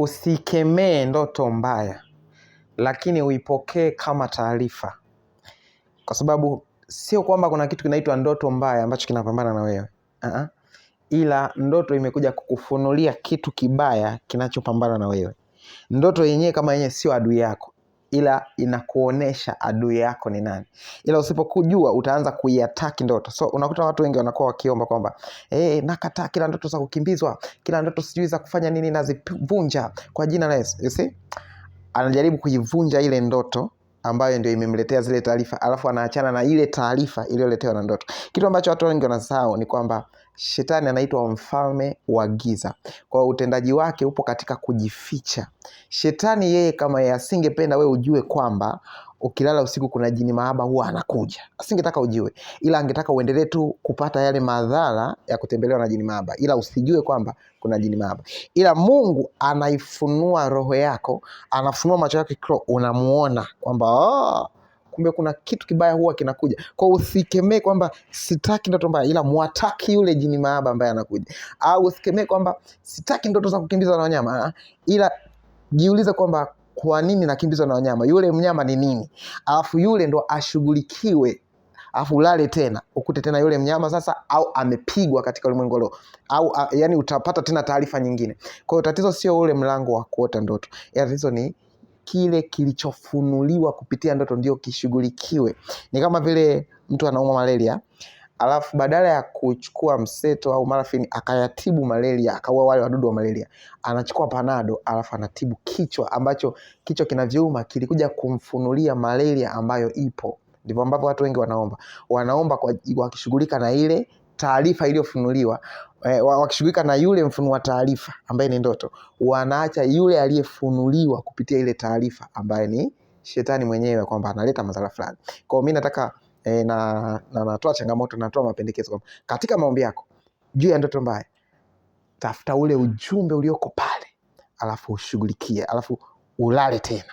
Usikemee ndoto mbaya, lakini uipokee kama taarifa, kwa sababu sio kwamba kuna kitu kinaitwa ndoto mbaya ambacho kinapambana na wewe uh -huh. Ila ndoto imekuja kukufunulia kitu kibaya kinachopambana na wewe. Ndoto yenyewe kama yenyewe sio adui yako, ila inakuonesha adui yako ni nani, ila usipokujua utaanza kuiataki ndoto. So unakuta watu wengi wanakuwa wakiomba kwamba e nakataa kila ndoto za kukimbizwa, kila ndoto sijui za kufanya nini, nazivunja kwa jina la Yesu. You see, anajaribu kuivunja ile ndoto ambayo ndio imemletea zile taarifa, alafu anaachana na ile taarifa iliyoletewa na ndoto. Kitu ambacho watu wengi wanasahau ni kwamba Shetani anaitwa mfalme wa giza, kwa utendaji wake upo katika kujificha. Shetani yeye, kama yeye asingependa wewe ujue kwamba ukilala usiku kuna jini mahaba huwa anakuja, asingetaka ujue, ila angetaka uendelee tu kupata yale madhara ya kutembelewa na jini mahaba, ila usijue kwamba kuna jini mahaba. Ila Mungu anaifunua roho yako, anafunua macho yako, unamuona kwamba oh, kumbe kuna kitu kibaya huwa kinakuja. Kwa usikemee kwamba sitaki ndoto mbaya, ila mwataki yule jini maaba ambaye anakuja, au usikemee kwamba sitaki ndoto za kukimbizwa na wanyama, ah, ila jiulize kwamba kwa nini nakimbizwa na wanyama? Yule mnyama ni nini? Alafu yule ndo ashughulikiwe alafu ulale tena ukute tena yule mnyama sasa, au amepigwa katika ulimwengu leo, au a, ah, yani utapata tena taarifa nyingine. Kwa hiyo tatizo sio ule mlango wa kuota ndoto, ya tatizo ni kile kilichofunuliwa kupitia ndoto ndio kishughulikiwe. Ni kama vile mtu anaumwa malaria alafu badala ya kuchukua mseto au marafini akayatibu malaria akaua wale wadudu wa malaria, anachukua panado alafu anatibu kichwa ambacho kichwa kinavyouma kilikuja kumfunulia malaria ambayo ipo. Ndivyo ambavyo watu wengi wanaomba, wanaomba wakishughulika na ile taarifa iliyofunuliwa e, wakishughulika na yule mfunua taarifa ambaye ni ndoto, wanaacha yule aliyefunuliwa kupitia ile taarifa ambaye ni shetani mwenyewe, kwamba analeta madhara fulani. Kwa hiyo mimi nataka e, na, na natoa changamoto, natoa mapendekezo kwamba katika maombi yako juu ya ndoto mbaya, tafuta ule ujumbe ulioko pale, alafu ushughulikie, alafu ulale tena,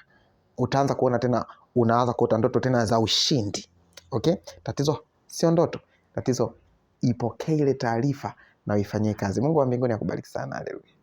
utaanza kuona tena, unaanza kuota ndoto tena za ushindi. Okay, tatizo sio ndoto, tatizo ipokee ile taarifa na uifanyie kazi. Mungu wa mbinguni akubariki sana. Haleluya.